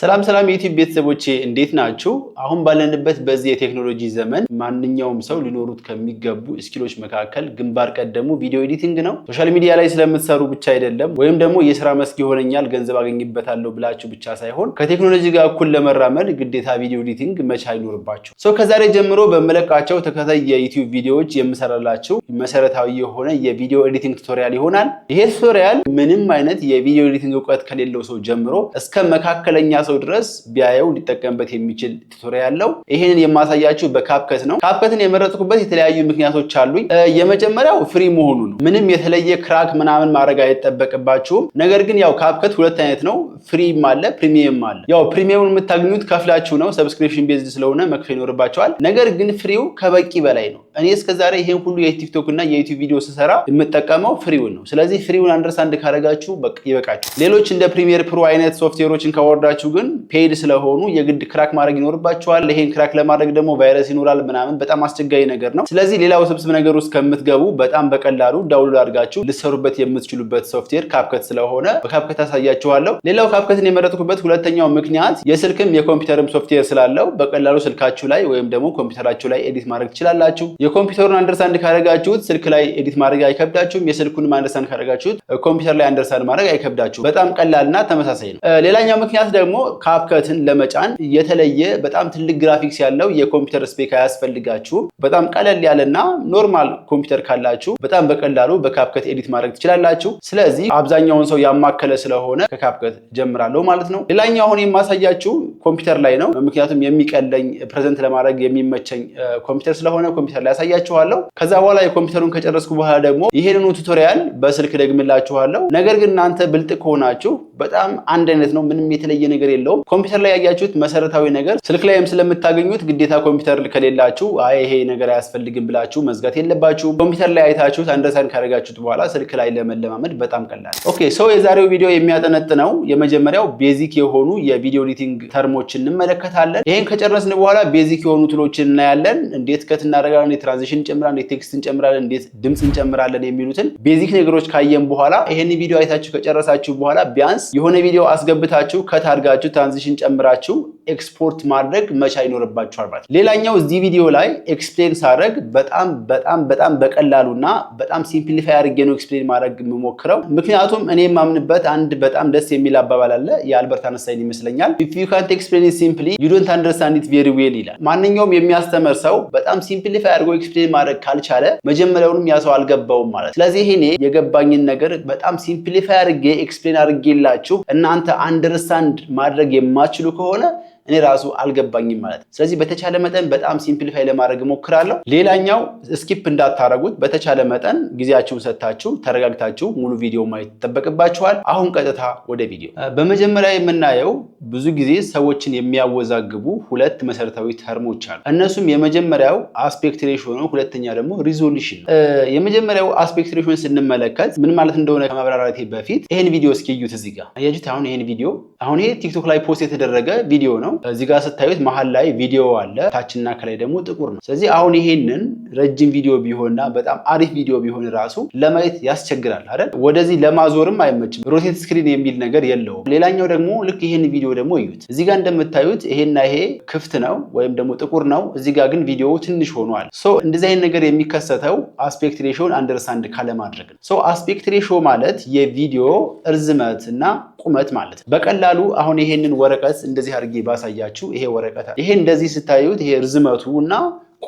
ሰላም ሰላም የዩቲዩብ ቤተሰቦቼ እንዴት ናችሁ? አሁን ባለንበት በዚህ የቴክኖሎጂ ዘመን ማንኛውም ሰው ሊኖሩት ከሚገቡ ስኪሎች መካከል ግንባር ቀደሙ ቪዲዮ ኤዲቲንግ ነው። ሶሻል ሚዲያ ላይ ስለምትሰሩ ብቻ አይደለም፣ ወይም ደግሞ የስራ መስክ ይሆነኛል ገንዘብ አገኝበታለሁ ብላችሁ ብቻ ሳይሆን ከቴክኖሎጂ ጋር እኩል ለመራመድ ግዴታ ቪዲዮ ኤዲቲንግ መቻ አይኖርባቸው ሰው ከዛሬ ጀምሮ በመለቃቸው ተከታይ የዩቲዩብ ቪዲዮዎች የምሰራላችሁ መሰረታዊ የሆነ የቪዲዮ ኤዲቲንግ ቱቶሪያል ይሆናል። ይሄ ቱቶሪያል ምንም አይነት የቪዲዮ ኤዲቲንግ እውቀት ከሌለው ሰው ጀምሮ እስከ መካከለኛ ሰው ድረስ ቢያየው ሊጠቀምበት የሚችል ቱቶሪያል ያለው። ይሄንን የማሳያችሁ በካፕከት ነው። ካፕከትን የመረጥኩበት የተለያዩ ምክንያቶች አሉኝ። የመጀመሪያው ፍሪ መሆኑ ነው። ምንም የተለየ ክራክ ምናምን ማድረግ አይጠበቅባችሁም። ነገር ግን ያው ካፕከት ሁለት አይነት ነው፣ ፍሪም አለ፣ ፕሪሚየም አለ። ያው ፕሪሚየሙን የምታገኙት ከፍላችሁ ነው፣ ሰብስክሪፕሽን ቤዝድ ስለሆነ መክፈል ይኖርባቸዋል። ነገር ግን ፍሪው ከበቂ በላይ ነው። እኔ እስከዛሬ ይሄን ሁሉ የቲክቶክ እና የዩቲዩብ ቪዲዮ ስሰራ የምጠቀመው ፍሪውን ነው። ስለዚህ ፍሪውን አንደርስታንድ ካደረጋችሁ ይበቃችሁ። ሌሎች እንደ ፕሪሚየር ፕሮ አይነት ሶፍትዌሮችን ካወርዳችሁ ግን ፔድ ስለሆኑ የግድ ክራክ ማድረግ ይኖርባችኋል። ይሄን ክራክ ለማድረግ ደግሞ ቫይረስ ይኖራል ምናምን፣ በጣም አስቸጋሪ ነገር ነው። ስለዚህ ሌላ ውስብስብ ነገር ውስጥ ከምትገቡ በጣም በቀላሉ ዳውንሎድ አድርጋችሁ ልሰሩበት የምትችሉበት ሶፍትዌር ካፕከት ስለሆነ በካፕከት አሳያችኋለሁ። ሌላው ካፕከትን የመረጥኩበት ሁለተኛው ምክንያት የስልክም የኮምፒውተርም ሶፍትዌር ስላለው በቀላሉ ስልካችሁ ላይ ወይም ደግሞ ኮምፒውተራችሁ ላይ ኤዲት ማድረግ ትችላላችሁ። የኮምፒውተሩን አንደርስታንድ ካደረጋችሁት ስልክ ላይ ኤዲት ማድረግ አይከብዳችሁም። የስልኩንም አንደርስታንድ ካደረጋችሁት ኮምፒውተር ላይ አንደርስታንድ ማድረግ አይከብዳችሁም። በጣም ቀላልና ተመሳሳይ ነው። ሌላኛው ምክንያት ደግሞ ካፕከትን ለመጫን የተለየ በጣም ትልቅ ግራፊክስ ያለው የኮምፒውተር ስፔክ አያስፈልጋችሁም። በጣም ቀለል ያለና ኖርማል ኮምፒውተር ካላችሁ በጣም በቀላሉ በካፕከት ኤዲት ማድረግ ትችላላችሁ። ስለዚህ አብዛኛውን ሰው ያማከለ ስለሆነ ከካፕከት ጀምራለሁ ማለት ነው። ሌላኛው አሁን የማሳያችሁ ኮምፒውተር ላይ ነው። ምክንያቱም የሚቀለኝ ፕሬዘንት ለማድረግ የሚመቸኝ ኮምፒውተር ስለሆነ ኮምፒውተር ላይ ያሳያችኋለሁ። ከዛ በኋላ የኮምፒውተሩን ከጨረስኩ በኋላ ደግሞ ይሄንኑ ቱቶሪያል በስልክ ደግምላችኋለሁ። ነገር ግን እናንተ ብልጥ ከሆናችሁ በጣም አንድ አይነት ነው። ምንም የተለየ ነገር የለውም። ኮምፒውተር ላይ ያያችሁት መሰረታዊ ነገር ስልክ ላይም ስለምታገኙት ግዴታ ኮምፒውተር ከሌላችሁ አይ ይሄ ነገር አያስፈልግም ብላችሁ መዝጋት የለባችሁ። ኮምፒውተር ላይ አይታችሁት አንደርሳን ካደረጋችሁት በኋላ ስልክ ላይ ለመለማመድ በጣም ቀላል። ኦኬ ሰው የዛሬው ቪዲዮ የሚያጠነጥነው የመጀመሪያው ቤዚክ የሆኑ የቪዲዮ ኤዲቲንግ ተርሞችን እንመለከታለን። ይህን ከጨረስን በኋላ ቤዚክ የሆኑ ቱሎችን እናያለን። እንዴት ከት እናደርጋለን፣ እንዴት ትራንዚሽን እንጨምራለን፣ እንዴት ቴክስት እንጨምራለን፣ እንዴት ድምፅ እንጨምራለን የሚሉትን ቤዚክ ነገሮች ካየን በኋላ ይህን ቪዲዮ አይታችሁ ከጨረሳችሁ በኋላ ቢያንስ ቢያንስ የሆነ ቪዲዮ አስገብታችሁ ከታርጋችሁ ትራንዚሽን ጨምራችሁ ኤክስፖርት ማድረግ መቻል ይኖርባቸዋል ማለት ነው። ሌላኛው እዚህ ቪዲዮ ላይ ኤክስፕሌን ሳድረግ በጣም በጣም በጣም በቀላሉና በጣም ሲምፕሊፋይ አድርጌ ነው ኤክስፕሌን ማድረግ የምሞክረው። ምክንያቱም እኔ የማምንበት አንድ በጣም ደስ የሚል አባባል አለ፣ የአልበርት አነሳይን ይመስለኛል። ኢፍ ዩ ካንት ኤክስፕሌን ኢት ሲምፕሊ ዩ ዶንት አንደርስታንድ ኢት ቬሪ ዌል ይላል። ማንኛውም የሚያስተምር ሰው በጣም ሲምፕሊፋይ አድርጎ ኤክስፕሌን ማድረግ ካልቻለ መጀመሪያውንም ያ ሰው አልገባውም ማለት። ስለዚህ እኔ የገባኝን ነገር በጣም ሲምፕሊፋይ አድርጌ ኤክስፕሌን አድርጌላችሁ እናንተ አንደርስታንድ ማድረግ የማችሉ ከሆነ እኔ ራሱ አልገባኝም ማለት ነው። ስለዚህ በተቻለ መጠን በጣም ሲምፕሊፋይ ለማድረግ እሞክራለሁ። ሌላኛው ስኪፕ እንዳታረጉት በተቻለ መጠን ጊዜያችሁን ሰጥታችሁ ተረጋግታችሁ ሙሉ ቪዲዮ ማየት ይጠበቅባችኋል። አሁን ቀጥታ ወደ ቪዲዮ። በመጀመሪያ የምናየው ብዙ ጊዜ ሰዎችን የሚያወዛግቡ ሁለት መሰረታዊ ተርሞች አሉ። እነሱም የመጀመሪያው አስፔክት ሬሽዮ ነው። ሁለተኛ ደግሞ ሪዞሉሽን ነው። የመጀመሪያው አስፔክት ሬሽዮን ስንመለከት ምን ማለት እንደሆነ ከማብራራቴ በፊት ይህን ቪዲዮ እስኪዩት። እዚህ ጋር አያችሁት? አሁን ይህን ቪዲዮ አሁን ይሄ ቲክቶክ ላይ ፖስት የተደረገ ቪዲዮ ነው። ነው። እዚህ ጋር ስታዩት መሀል ላይ ቪዲዮ አለ፣ ታችና ከላይ ደግሞ ጥቁር ነው። ስለዚህ አሁን ይሄንን ረጅም ቪዲዮ ቢሆንና በጣም አሪፍ ቪዲዮ ቢሆን ራሱ ለማየት ያስቸግራል አይደል? ወደዚህ ለማዞርም አይመችም። ሮቴት ስክሪን የሚል ነገር የለውም። ሌላኛው ደግሞ ልክ ይሄን ቪዲዮ ደግሞ እዩት። እዚህ ጋር እንደምታዩት ይሄና ይሄ ክፍት ነው ወይም ደግሞ ጥቁር ነው። እዚህ ጋር ግን ቪዲዮው ትንሽ ሆኗል። ሶ እንደዚህ አይነት ነገር የሚከሰተው አስፔክት ሬሽዮን አንደርስታንድ ካለማድረግ ነው። ሶ አስፔክት ሬሽዮ ማለት የቪዲዮ እርዝመት እና ቁመት ማለት ነው። በቀላሉ አሁን ይሄንን ወረቀት እንደዚህ አድርጌ ባሳ ላሳያችሁ። ይሄ ወረቀት ይሄ እንደዚህ ስታዩት ይሄ እርዝመቱ እና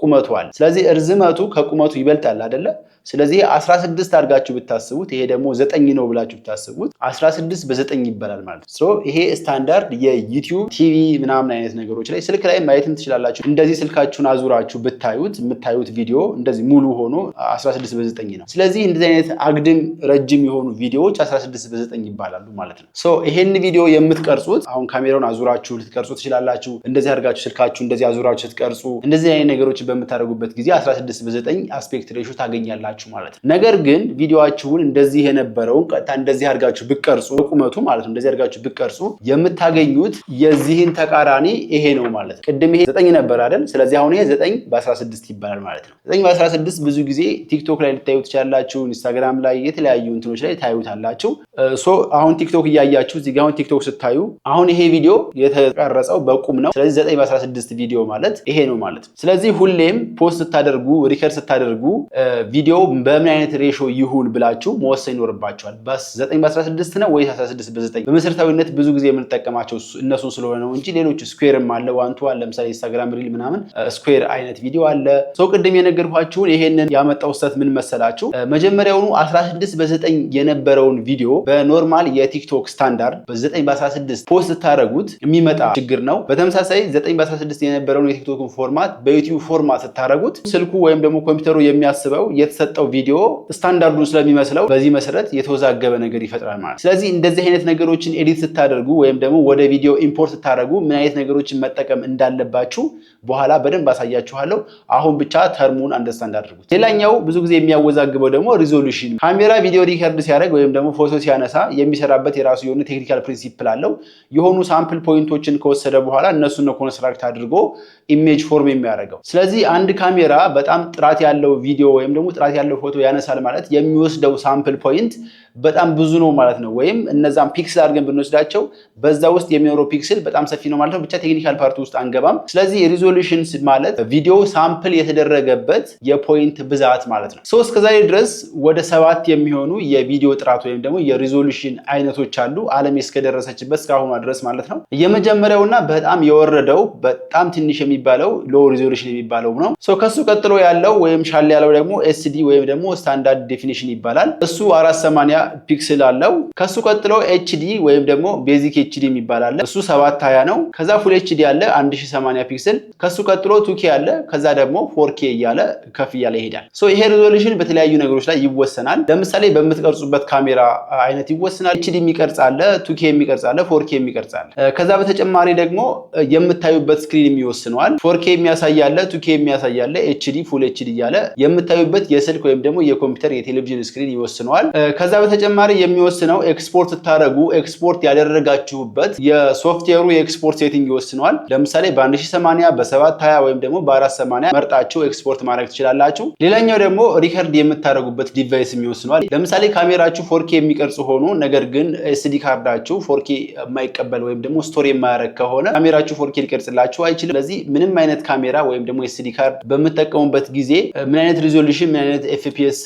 ቁመቱ አለ። ስለዚህ እርዝመቱ ከቁመቱ ይበልጣል አይደለ? ስለዚህ 16 አድርጋችሁ ብታስቡት ይሄ ደግሞ ዘጠኝ ነው ብላችሁ ብታስቡት 16 በዘጠኝ ይባላል ማለት ነው። ይሄ ስታንዳርድ የዩቲዩብ ቲቪ ምናምን አይነት ነገሮች ላይ ስልክ ላይ ማየትም ትችላላችሁ። እንደዚህ ስልካችሁን አዙራችሁ ብታዩት የምታዩት ቪዲዮ እንደዚህ ሙሉ ሆኖ 16 በዘጠኝ ነው። ስለዚህ እንደዚህ አይነት አግድም ረጅም የሆኑ ቪዲዮዎች 16 በዘጠኝ ይባላሉ ማለት ነው። ሶ ይሄን ቪዲዮ የምትቀርጹት አሁን ካሜራውን አዙራችሁ ልትቀርጹ ትችላላችሁ። እንደዚህ አድርጋችሁ ስልካችሁ እንደዚህ አዙራችሁ ስትቀርጹ እንደዚህ አይነት ነገሮችን በምታደርጉበት ጊዜ 16 በዘጠኝ አስፔክት ሬሾ ታገኛላችሁ ትችላላችሁ ማለት ነው። ነገር ግን ቪዲዮችሁን እንደዚህ የነበረውን ቀጥታ እንደዚህ አድርጋችሁ ብቀርጹ ቁመቱ ማለት ነው እንደዚህ አድርጋችሁ ብቀርጹ የምታገኙት የዚህን ተቃራኒ ይሄ ነው ማለት ነው። ቅድም ይሄ ዘጠኝ ነበር አይደል? ስለዚህ አሁን ይሄ ዘጠኝ በአስራ ስድስት ይባላል ማለት ነው። ዘጠኝ በአስራ ስድስት ብዙ ጊዜ ቲክቶክ ላይ ልታዩ ትችላላችሁ፣ ኢንስታግራም ላይ የተለያዩ እንትኖች ላይ ታዩታላችሁ። ሶ አሁን ቲክቶክ እያያችሁ እዚህ ጋ አሁን ቲክቶክ ስታዩ አሁን ይሄ ቪዲዮ የተቀረጸው በቁም ነው። ስለዚህ 9 በ16 ቪዲዮ ማለት ይሄ ነው ማለት ነው። ስለዚህ ሁሌም ፖስት ስታደርጉ ሪከርድ ስታደርጉ ቪዲዮ በምን አይነት ሬሾ ይሁን ብላችሁ መወሰን ይኖርባቸዋል። 9 በ16 ነው ወይስ 16 በ9? በመሰረታዊነት ብዙ ጊዜ የምንጠቀማቸው እነሱን ስለሆነ ነው እንጂ ሌሎች ስኩዌርም አለ ዋንቱ አለ። ለምሳሌ ኢንስታግራም ሪል ምናምን ስኩዌር አይነት ቪዲዮ አለ። ሰው ቅድም የነገርኳችሁን ይሄንን ያመጣው ስህተት ምን መሰላችሁ? መጀመሪያውኑ 16 በ9 የነበረውን ቪዲዮ በኖርማል የቲክቶክ ስታንዳርድ በ9 በ16 ፖስት ስታደረጉት የሚመጣ ችግር ነው። በተመሳሳይ 9 በ16 የነበረውን የቲክቶክን ፎርማት በዩቲዩብ ፎርማት ስታደረጉት ስልኩ ወይም ደግሞ ኮምፒውተሩ የሚያስበው የተሰጠው ቪዲዮ ስታንዳርዱን ስለሚመስለው በዚህ መሰረት የተወዛገበ ነገር ይፈጥራል ማለት። ስለዚህ እንደዚህ አይነት ነገሮችን ኤዲት ስታደርጉ ወይም ደግሞ ወደ ቪዲዮ ኢምፖርት ስታደረጉ ምን አይነት ነገሮችን መጠቀም እንዳለባችሁ በኋላ በደንብ አሳያችኋለሁ። አሁን ብቻ ተርሙን አንደርስታንድ አድርጉት። ሌላኛው ብዙ ጊዜ የሚያወዛግበው ደግሞ ሪዞሉሽን ካሜራ ቪዲዮ ሪከርድ ሲያደርግ ወይም ደግሞ ፎቶ ሲያ ሲያነሳ የሚሰራበት የራሱ የሆነ ቴክኒካል ፕሪንሲፕል አለው። የሆኑ ሳምፕል ፖይንቶችን ከወሰደ በኋላ እነሱን ነው ኮንስትራክት አድርጎ ኢሜጅ ፎርም የሚያደርገው። ስለዚህ አንድ ካሜራ በጣም ጥራት ያለው ቪዲዮ ወይም ደግሞ ጥራት ያለው ፎቶ ያነሳል ማለት የሚወስደው ሳምፕል ፖይንት በጣም ብዙ ነው ማለት ነው። ወይም እነዛም ፒክስል አድርገን ብንወስዳቸው በዛ ውስጥ የሚኖረው ፒክስል በጣም ሰፊ ነው ማለት ነው። ብቻ ቴክኒካል ፓርቲ ውስጥ አንገባም። ስለዚህ ሪዞሉሽን ማለት ቪዲዮ ሳምፕል የተደረገበት የፖይንት ብዛት ማለት ነው። ሶ እስከዛሬ ድረስ ወደ ሰባት የሚሆኑ የቪዲዮ ጥራት ወይም ደግሞ የሪዞሉሽን አይነቶች አሉ ዓለም እስከደረሰችበት እስካሁኗ ድረስ ማለት ነው። የመጀመሪያውና በጣም የወረደው በጣም ትንሽ የሚባለው ሎ ሪዞሉሽን የሚባለው ነው። ሶ ከሱ ቀጥሎ ያለው ወይም ሻል ያለው ደግሞ ኤስዲ ወይም ደግሞ ስታንዳርድ ዴፊኒሽን ይባላል። እሱ አራት ሰማንያ ፒክስል አለው። ከሱ ቀጥሎ ኤችዲ ወይም ደግሞ ቤዚክ ኤችዲ የሚባል አለ። እሱ 720 ነው። ከዛ ፉል ኤችዲ አለ 1080 ፒክስል። ከሱ ቀጥሎ ቱኬ አለ። ከዛ ደግሞ ፎርኬ እያለ ከፍ እያለ ይሄዳል። ሶ ይሄ ሪዞሉሽን በተለያዩ ነገሮች ላይ ይወሰናል። ለምሳሌ በምትቀርጹበት ካሜራ አይነት ይወሰናል። ኤችዲ የሚቀርጽ አለ፣ ቱኬ የሚቀርጽ አለ፣ ፎርኬ የሚቀርጽ አለ። ከዛ በተጨማሪ ደግሞ የምታዩበት ስክሪን የሚወስነዋል። ፎርኬ የሚያሳይ ቱኬ የሚያሳያለ፣ አለ፣ ኤችዲ ፉል ኤችዲ እያለ የምታዩበት የስልክ ወይም ደግሞ የኮምፒውተር የቴሌቪዥን ስክሪን ይወስነዋል። ከዛ በተ በተጨማሪ የሚወስነው ኤክስፖርት ስታደረጉ ኤክስፖርት ያደረጋችሁበት የሶፍትዌሩ የኤክስፖርት ሴቲንግ ይወስነዋል። ለምሳሌ በ1080 በ720 ወይም ደግሞ በ480 መርጣችሁ ኤክስፖርት ማድረግ ትችላላችሁ። ሌላኛው ደግሞ ሪከርድ የምታደረጉበት ዲቫይስ ይወስነዋል። ለምሳሌ ካሜራችሁ ፎርኬ የሚቀርጽ ሆኖ ነገር ግን ኤስዲ ካርዳችሁ ፎርኬ የማይቀበል ወይም ደግሞ ስቶሪ የማያደረግ ከሆነ ካሜራችሁ ፎርኬ ሊቀርጽላችሁ አይችልም። ስለዚህ ምንም አይነት ካሜራ ወይም ደግሞ ኤስዲ ካርድ በምጠቀሙበት ጊዜ ምን አይነት ሪዞሉሽን ምን አይነት ኤፍፒኤስ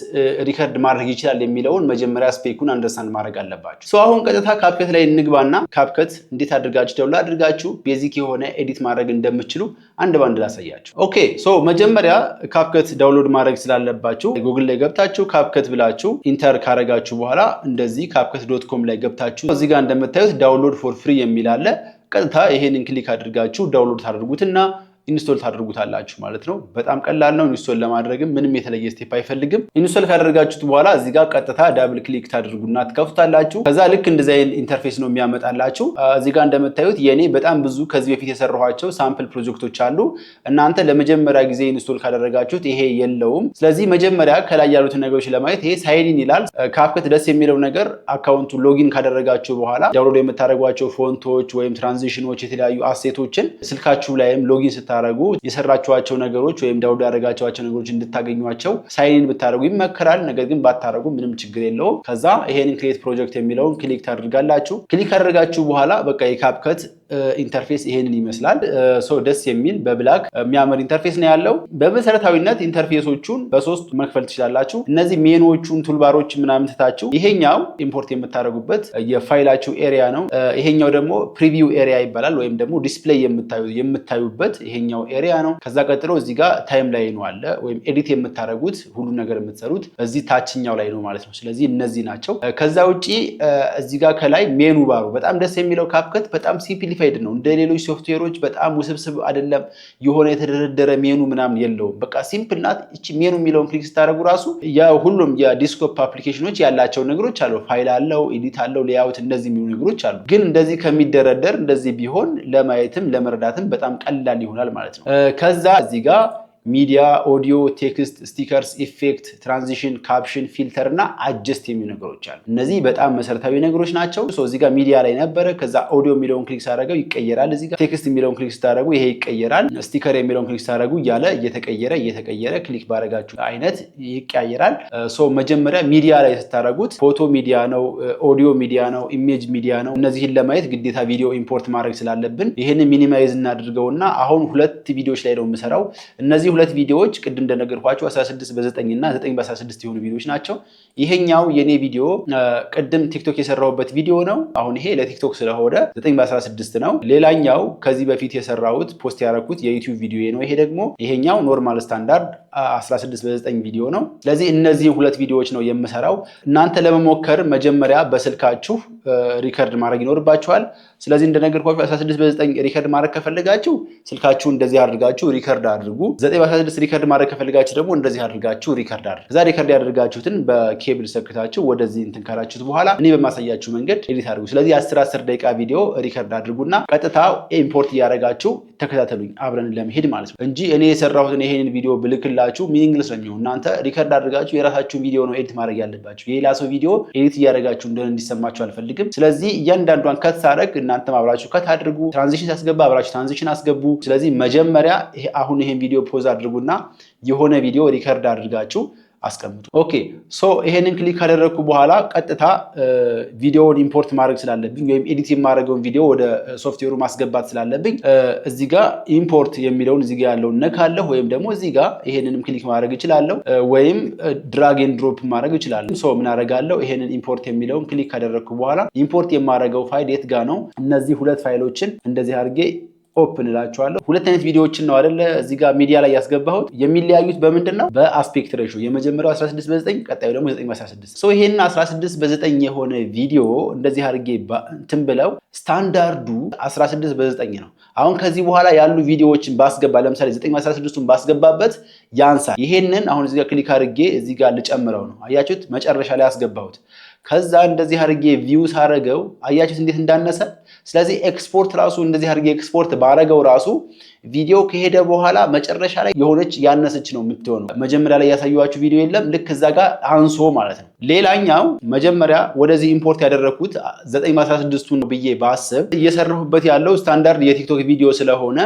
ሪከርድ ማድረግ ይችላል የሚለውን መጀመሪያ ስፔኩን አንደርስታንድ ማድረግ አለባችሁ። አሁን ቀጥታ ካፕከት ላይ እንግባና ካፕከት እንዴት አድርጋችሁ ደውላ አድርጋችሁ ቤዚክ የሆነ ኤዲት ማድረግ እንደምችሉ አንድ ባንድ ላሳያችሁ። ኦኬ ሶ መጀመሪያ ካፕከት ዳውንሎድ ማድረግ ስላለባችሁ ጉግል ላይ ገብታችሁ ካፕከት ብላችሁ ኢንተር ካረጋችሁ በኋላ እንደዚህ ካፕከት ዶት ኮም ላይ ገብታችሁ እዚህ ጋር እንደምታዩት ዳውንሎድ ፎር ፍሪ የሚል አለ። ቀጥታ ይሄንን ክሊክ አድርጋችሁ ዳውንሎድ ታደርጉትና ኢንስቶል ታደርጉታላችሁ ማለት ነው። በጣም ቀላል ነው። ኢንስቶል ለማድረግም ምንም የተለየ ስቴፕ አይፈልግም። ኢንስቶል ካደረጋችሁት በኋላ እዚህ ጋር ቀጥታ ዳብል ክሊክ ታደርጉና ትከፍቱታላችሁ። ከዛ ልክ እንደዚህ አይነት ኢንተርፌስ ነው የሚያመጣላችሁ። እዚህ ጋር እንደምታዩት የኔ በጣም ብዙ ከዚህ በፊት የሰራኋቸው ሳምፕል ፕሮጀክቶች አሉ። እናንተ ለመጀመሪያ ጊዜ ኢንስቶል ካደረጋችሁት ይሄ የለውም። ስለዚህ መጀመሪያ ከላይ ያሉትን ነገሮች ለማየት ይሄ ሳይኒን ይላል። ካፕከት ደስ የሚለው ነገር አካውንቱ ሎጊን ካደረጋችሁ በኋላ ዳውንሎድ የምታደርጓቸው ፎንቶች ወይም ትራንዚሽኖች፣ የተለያዩ አሴቶችን ስልካችሁ ላይም ሎጊን ብታደረጉ የሰራችኋቸው ነገሮች ወይም ዳውድ ያደረጋቸዋቸው ነገሮች እንድታገኟቸው ሳይንን ብታደረጉ ይመከራል። ነገር ግን ባታደረጉ ምንም ችግር የለውም። ከዛ ይሄንን ክሬት ፕሮጀክት የሚለውን ክሊክ ታደርጋላችሁ። ክሊክ ካደረጋችሁ በኋላ በቃ የካፕከት ኢንተርፌስ ይሄንን ይመስላል። ሰው ደስ የሚል በብላክ የሚያምር ኢንተርፌስ ነው ያለው። በመሰረታዊነት ኢንተርፌሶቹን በሶስት መክፈል ትችላላችሁ። እነዚህ ሜኖቹን ቱልባሮች ምናምን ትታችሁ ይሄኛው ኢምፖርት የምታደርጉበት የፋይላችሁ ኤሪያ ነው። ይሄኛው ደግሞ ፕሪቪው ኤሪያ ይባላል፣ ወይም ደግሞ ዲስፕሌይ የምታዩበት ይሄኛው ኤሪያ ነው። ከዛ ቀጥሎ እዚህ ጋር ታይም ላይ ነው አለ፣ ወይም ኤዲት የምታደርጉት ሁሉ ነገር የምትሰሩት እዚህ ታችኛው ላይ ነው ማለት ነው። ስለዚህ እነዚህ ናቸው። ከዛ ውጭ እዚህ ጋር ከላይ ሜኑ ባሩ በጣም ደስ የሚለው ካፕከት በጣም ሲምፕሊ ኮምፕሊፋይድ ነው። እንደ ሌሎች ሶፍትዌሮች በጣም ውስብስብ አይደለም። የሆነ የተደረደረ ሜኑ ምናምን የለውም። በቃ ሲምፕል ናት። እቺ ሜኑ የሚለውን ክሊክ ስታደርጉ ራሱ ያ ሁሉም የዲስኮፕ አፕሊኬሽኖች ያላቸው ነገሮች አሉ። ፋይል አለው፣ ኤዲት አለው፣ ሌያውት እንደዚህ የሚሉ ነገሮች አሉ። ግን እንደዚህ ከሚደረደር እንደዚህ ቢሆን ለማየትም ለመረዳትም በጣም ቀላል ይሆናል ማለት ነው። ከዛ እዚህ ጋር ሚዲያ፣ ኦዲዮ፣ ቴክስት፣ ስቲከርስ፣ ኢፌክት፣ ትራንዚሽን፣ ካፕሽን፣ ፊልተር እና አጀስት የሚሉ ነገሮች አሉ። እነዚህ በጣም መሰረታዊ ነገሮች ናቸው። እዚህ ጋር ሚዲያ ላይ ነበረ። ከዛ ኦዲዮ የሚለውን ክሊክ ሳደረገው ይቀየራል። እዚህ ጋር ቴክስት የሚለውን ክሊክ ስታደረጉ ይሄ ይቀየራል። ስቲከር የሚለውን ክሊክ ስታደረጉ እያለ እየተቀየረ እየተቀየረ ክሊክ ባረጋችሁ አይነት ይቀያየራል። ሶ መጀመሪያ ሚዲያ ላይ ስታደረጉት ፎቶ ሚዲያ ነው፣ ኦዲዮ ሚዲያ ነው፣ ኢሜጅ ሚዲያ ነው። እነዚህን ለማየት ግዴታ ቪዲዮ ኢምፖርት ማድረግ ስላለብን ይህን ሚኒማይዝ እናድርገውና አሁን ሁለት ቪዲዮዎች ላይ ነው የምሰራው እነዚህ ሁለት ቪዲዮዎች ቅድም እንደነገርኳቸው 16 በ9 እና 9 በ16 የሆኑ ቪዲዮዎች ናቸው። ይሄኛው የኔ ቪዲዮ ቅድም ቲክቶክ የሰራሁበት ቪዲዮ ነው። አሁን ይሄ ለቲክቶክ ስለሆነ 9 በ16 ነው። ሌላኛው ከዚህ በፊት የሰራሁት ፖስት ያደረኩት የዩቲዩብ ቪዲዮ ነው። ይሄ ደግሞ ይሄኛው ኖርማል ስታንዳርድ 16 በ9 ቪዲዮ ነው። ስለዚህ እነዚህ ሁለት ቪዲዮዎች ነው የምሰራው። እናንተ ለመሞከር መጀመሪያ በስልካችሁ ሪከርድ ማድረግ ይኖርባችኋል። ስለዚህ እንደነገርኳችሁ 16 በ9 ሪከርድ ማድረግ ከፈለጋችሁ ስልካችሁ እንደዚህ አድርጋችሁ ሪከርድ አድርጉ። በ16 ሪከርድ ማድረግ ከፈልጋችሁ ደግሞ እንደዚህ አድርጋችሁ ሪከርድ አድርግ። እዛ ሪከርድ ያደርጋችሁትን በኬብል ሰክታችሁ ወደዚህ እንትን ካላችሁት በኋላ እኔ በማሳያችሁ መንገድ ኤዲት አድርጉ። ስለዚህ አስር አስር ደቂቃ ቪዲዮ ሪከርድ አድርጉና ቀጥታ ኢምፖርት እያደረጋችሁ ተከታተሉኝ አብረን ለመሄድ ማለት ነው እንጂ እኔ የሰራሁትን ይሄንን ቪዲዮ ብልክላችሁ ሚኒንግለስ ነው የሚሆን። እናንተ ሪከርድ አድርጋችሁ የራሳችሁን ቪዲዮ ነው ኤዲት ማድረግ ያለባችሁ። የሌላ ሰው ቪዲዮ ኤዲት እያደረጋችሁ እንደሆነ እንዲሰማችሁ አልፈልግም። ስለዚህ እያንዳንዷን ከት ሳደርግ እናንተም አብራችሁ ከት አድርጉ። ትራንዚሽን ሲያስገባ አብራችሁ ትራንዚሽን አስገቡ። ስለዚህ መጀመሪያ አሁን ይሄን ቪዲዮ ፖዝ አድርጉና የሆነ ቪዲዮ ሪከርድ አድርጋችሁ አስቀምጡ። ኦኬ ሶ ይሄንን ክሊክ ካደረግኩ በኋላ ቀጥታ ቪዲዮውን ኢምፖርት ማድረግ ስላለብኝ ወይም ኤዲት የማድረገውን ቪዲዮ ወደ ሶፍትዌሩ ማስገባት ስላለብኝ እዚ ጋ ኢምፖርት የሚለውን እዚህ ጋ ያለውን ነካለሁ፣ ወይም ደግሞ እዚ ጋ ይሄንንም ክሊክ ማድረግ እችላለሁ፣ ወይም ድራግን ድሮፕ ማድረግ እችላለሁ። ሶ ምን አደርጋለሁ? ይሄንን ኢምፖርት የሚለውን ክሊክ ካደረግኩ በኋላ ኢምፖርት የማድረገው ፋይል የት ጋ ነው? እነዚህ ሁለት ፋይሎችን እንደዚህ አድርጌ ኦፕን እላቸዋለሁ። ሁለት አይነት ቪዲዮዎችን ነው አደለ እዚህ ጋር ሚዲያ ላይ ያስገባሁት። የሚለያዩት በምንድን ነው? በአስፔክት ሬሾ የመጀመሪያው 16 በ9 ቀጣዩ ደግሞ 9 በ16 ሰው ይሄን 16 በ9 የሆነ ቪዲዮ እንደዚህ አድርጌ እንትን ብለው ስታንዳርዱ 16 በ9 ነው። አሁን ከዚህ በኋላ ያሉ ቪዲዮዎችን ባስገባ ለምሳሌ 9 በ16ቱን ባስገባበት ያንሳል። ይሄንን አሁን እዚህ ጋር ክሊክ አድርጌ እዚህ ጋር ልጨምረው ነው። አያችሁት? መጨረሻ ላይ አስገባሁት። ከዛ እንደዚህ አድርጌ ቪው ሳረገው አያችሁት እንዴት እንዳነሰ። ስለዚህ ኤክስፖርት ራሱ እንደዚህ አድርጌ ኤክስፖርት ባረገው ራሱ ቪዲዮ ከሄደ በኋላ መጨረሻ ላይ የሆነች ያነሰች ነው የምትሆነው። መጀመሪያ ላይ ያሳየኋችሁ ቪዲዮ የለም ልክ እዛ ጋር አንሶ ማለት ነው። ሌላኛው መጀመሪያ ወደዚህ ኢምፖርት ያደረግኩት 916ቱን ብዬ ባስብ እየሰራሁበት ያለው ስታንዳርድ የቲክቶክ ቪዲዮ ስለሆነ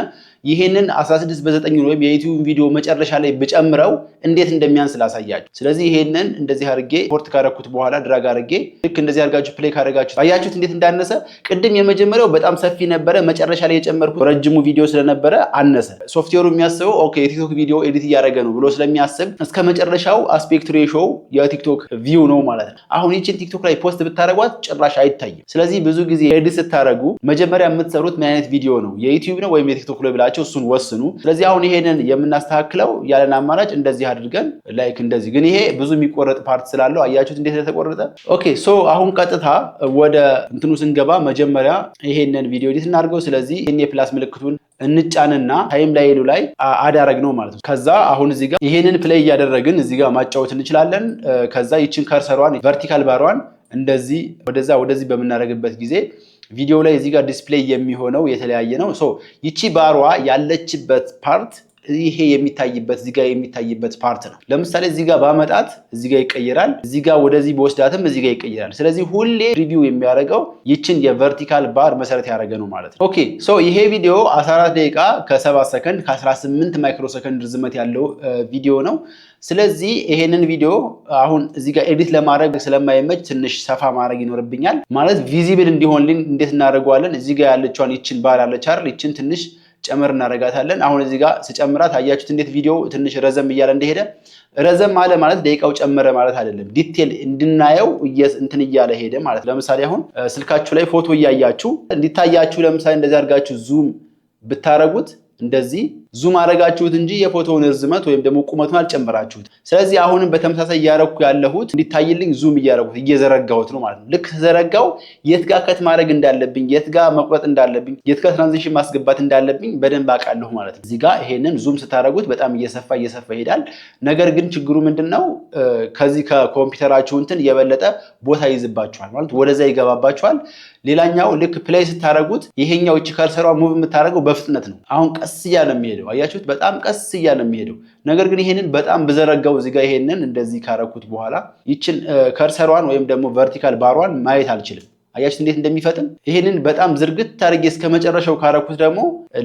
ይህንን 16 በዘጠኝ ወይም የዩቲዩብ ቪዲዮ መጨረሻ ላይ ብጨምረው እንዴት እንደሚያንስ ላሳያችሁ። ስለዚህ ይሄንን እንደዚህ አድርጌ ፖርት ካረኩት በኋላ ድራግ አድርጌ ልክ እንደዚህ አድርጋችሁ ፕሌይ ካረጋችሁ አያችሁት እንዴት እንዳነሰ። ቅድም የመጀመሪያው በጣም ሰፊ ነበረ። መጨረሻ ላይ የጨመርኩት ረጅሙ ቪዲዮ ስለነበረ አነሰ። ሶፍትዌሩ የሚያስበው ኦኬ የቲክቶክ ቪዲዮ ኤዲት እያደረገ ነው ብሎ ስለሚያስብ እስከ መጨረሻው አስፔክት ሬሾው የቲክቶክ ቪው ነው ማለት ነው። አሁን ይችን ቲክቶክ ላይ ፖስት ብታደረጓት ጭራሽ አይታይም። ስለዚህ ብዙ ጊዜ ኤዲት ስታደረጉ መጀመሪያ የምትሰሩት ምን አይነት ቪዲዮ ነው የዩቲዩብ ነው ወይም የቲክቶክ ላይ ብላችሁ ካላቸው እሱን ወስኑ። ስለዚህ አሁን ይሄንን የምናስተካክለው ያለን አማራጭ እንደዚህ አድርገን ላይክ እንደዚህ ግን ይሄ ብዙ የሚቆረጥ ፓርት ስላለው አያችሁት እንዴት እንደተቆረጠ። ኦኬ ሶ አሁን ቀጥታ ወደ እንትኑ ስንገባ መጀመሪያ ይሄንን ቪዲዮ ዲት እናድርገው። ስለዚህ ኔ የፕላስ ምልክቱን እንጫንና ታይም ላይኑ ላይ አዳረግ ነው ማለት ነው። ከዛ አሁን እዚህ ጋር ይሄንን ፕሌይ እያደረግን እዚህ ጋር ማጫወት እንችላለን። ከዛ ይችን ከርሰሯን ቨርቲካል ባሯን እንደዚህ ወደዛ ወደዚህ በምናደርግበት ጊዜ ቪዲዮ ላይ እዚህ ጋር ዲስፕሌይ የሚሆነው የተለያየ ነው። ሶ ይቺ ባሯ ያለችበት ፓርት ይሄ የሚታይበት እዚህ ጋር የሚታይበት ፓርት ነው። ለምሳሌ እዚህ ጋር ባመጣት እዚህ ጋር ይቀይራል፣ እዚህ ጋር ወደዚህ በወስዳትም እዚህ ጋር ይቀይራል። ስለዚህ ሁሌ ሪቪው የሚያደርገው ይችን የቨርቲካል ባር መሰረት ያደረገ ነው ማለት ነው። ኦኬ ሶ ይሄ ቪዲዮ 14 ደቂቃ ከ7 ሰከንድ ከ18 ማይክሮ ሰከንድ ርዝመት ያለው ቪዲዮ ነው። ስለዚህ ይሄንን ቪዲዮ አሁን እዚህ ጋር ኤዲት ለማድረግ ስለማይመች ትንሽ ሰፋ ማድረግ ይኖርብኛል። ማለት ቪዚብል እንዲሆንልን እንዴት እናደርገዋለን? እዚህ ጋር ያለችዋን ይችን ባህል አለች አይደል? ይችን ትንሽ ጨምር እናደርጋታለን። አሁን እዚህ ጋር ስጨምራት አያችሁት እንዴት ቪዲዮ ትንሽ ረዘም እያለ እንደሄደ። ረዘም አለ ማለት ደቂቃው ጨመረ ማለት አይደለም። ዲቴል እንድናየው እንትን እያለ ሄደ ማለት። ለምሳሌ አሁን ስልካችሁ ላይ ፎቶ እያያችሁ እንዲታያችሁ፣ ለምሳሌ እንደዚህ አድርጋችሁ ዙም ብታረጉት እንደዚህ ዙም አረጋችሁት እንጂ የፎቶውን ርዝመት ወይም ደግሞ ቁመቱን አልጨመራችሁት። ስለዚህ አሁንም በተመሳሳይ እያረኩ ያለሁት እንዲታይልኝ ዙም እያረኩት እየዘረጋሁት ነው ማለት ነው። ልክ ዘረጋው የት ጋር ከት ማድረግ እንዳለብኝ፣ የት ጋር መቁረጥ እንዳለብኝ፣ የት ጋር ትራንዚሽን ማስገባት እንዳለብኝ በደንብ አውቃለሁ ማለት ነው። እዚህ ጋር ይሄንን ዙም ስታረጉት በጣም እየሰፋ እየሰፋ ይሄዳል። ነገር ግን ችግሩ ምንድን ነው? ከዚህ ከኮምፒውተራችሁ እንትን የበለጠ ቦታ ይዝባችኋል ማለት ወደዛ ይገባባችኋል። ሌላኛው ልክ ፕሌይ ስታረጉት ይሄኛው ከርሰሯ ሙቭ የምታደረገው በፍጥነት ነው። አሁን ቀስ እያለ የሚሄደው የሚሄደው አያችሁት፣ በጣም ቀስ እያለ የሚሄደው ነገር ግን ይሄንን በጣም ብዘረጋው እዚጋ ይሄንን እንደዚህ ካረኩት በኋላ ይችን ከርሰሯን ወይም ደግሞ ቨርቲካል ባሯን ማየት አልችልም። አያችሁት እንዴት እንደሚፈጥን። ይሄንን በጣም ዝርግት አድርጌ እስከ መጨረሻው ካረኩት ደግሞ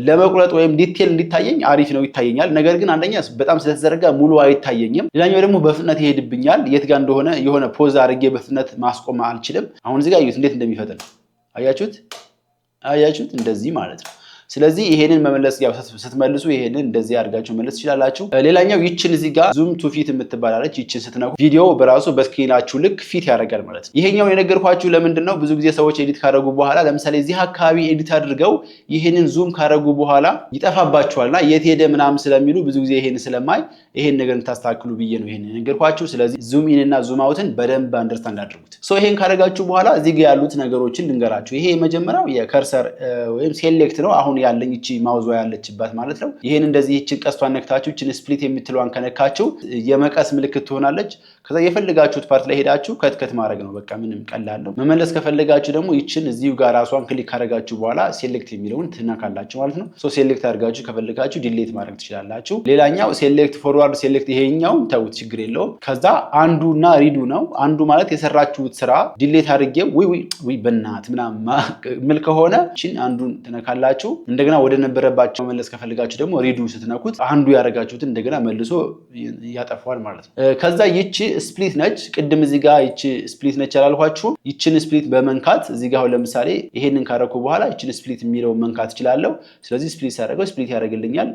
ለመቁረጥ ወይም ዲቴል እንዲታየኝ አሪፍ ነው ይታየኛል። ነገር ግን አንደኛ በጣም ስለተዘረጋ ሙሉ አይታየኝም፣ ሌላኛው ደግሞ በፍጥነት ይሄድብኛል። የት ጋር እንደሆነ የሆነ ፖዝ አድርጌ በፍጥነት ማስቆም አልችልም። አሁን እዚህ ጋር እዩት እንዴት እንደሚፈጥን አያችሁት፣ አያችሁት እንደዚህ ማለት ነው። ስለዚህ ይሄንን መመለስ ስትመልሱ ይሄንን እንደዚህ አድርጋችሁ መለስ ትችላላችሁ። ሌላኛው ይችን እዚህ ጋር ዙም ቱ ፊት የምትባላለች ይችን ስትነኩ ቪዲዮ በራሱ በስክሪናችሁ ልክ ፊት ያደርጋል ማለት ነው። ይሄኛውን የነገርኳችሁ ለምንድን ነው? ብዙ ጊዜ ሰዎች ኤዲት ካደረጉ በኋላ ለምሳሌ እዚህ አካባቢ ኤዲት አድርገው ይህንን ዙም ካደረጉ በኋላ ይጠፋባቸዋልና የት ሄደ ምናምን ስለሚሉ ብዙ ጊዜ ይሄን ስለማይ ይሄን ነገር እንታስተካክሉ ብዬ ነው ይሄን ነገርኳችሁ። ስለዚህ ዙም ኢን እና ዙም አውትን በደንብ አንደርስታንድ አድርጉት። ሶ ይሄን ካደረጋችሁ በኋላ እዚህ ጋር ያሉት ነገሮችን ልንገራችሁ። ይሄ የመጀመሪያው የከርሰር ወይም ሴሌክት ነው። አሁን ያለኝ እቺ ማውዟ ያለችባት ማለት ነው። ይሄን እንደዚህ እቺን ቀስቷን ነክታችሁ እቺን ስፕሊት የምትለዋን ከነካችሁ የመቀስ ምልክት ትሆናለች። ከዛ የፈለጋችሁት ፓርት ላይ ሄዳችሁ ከትከት ማድረግ ነው። በቃ ምንም ቀላል ነው። መመለስ ከፈለጋችሁ ደግሞ ይችን እዚሁ ጋር ራሷን ክሊክ ካደረጋችሁ በኋላ ሴሌክት የሚለውን ትነካላችሁ ማለት ነው። ሶ ሴሌክት አድርጋችሁ ከፈለጋችሁ ዲሌት ማድረግ ትችላላችሁ። ሌላኛው ሴሌክት ፎርዋርድ ሴሌክት፣ ይሄኛው ተውት፣ ችግር የለውም። ከዛ አንዱ እና ሪዱ ነው። አንዱ ማለት የሰራችሁት ስራ ዲሌት አድርጌው ዊ በናት ምናምን ምል ከሆነ ችን አንዱን ትነካላችሁ። እንደገና ወደ ነበረባቸው መመለስ ከፈልጋችሁ ደግሞ ሪዱ ስትነኩት አንዱ ያደረጋችሁትን እንደገና መልሶ ያጠፋዋል ማለት ነው። ከዛ ይቺ ስፕሊት ነች። ቅድም እዚህ ጋር ይቺ ስፕሊት ነች ያላልኋችሁም። ይችን ስፕሊት በመንካት እዚህ ጋር አሁን ለምሳሌ ይሄንን ካረኩ በኋላ ይችን ስፕሊት የሚለው መንካት እችላለሁ። ስለዚህ ስፕሊት ሲያደርገው ስፕሊት ያደርግልኛል።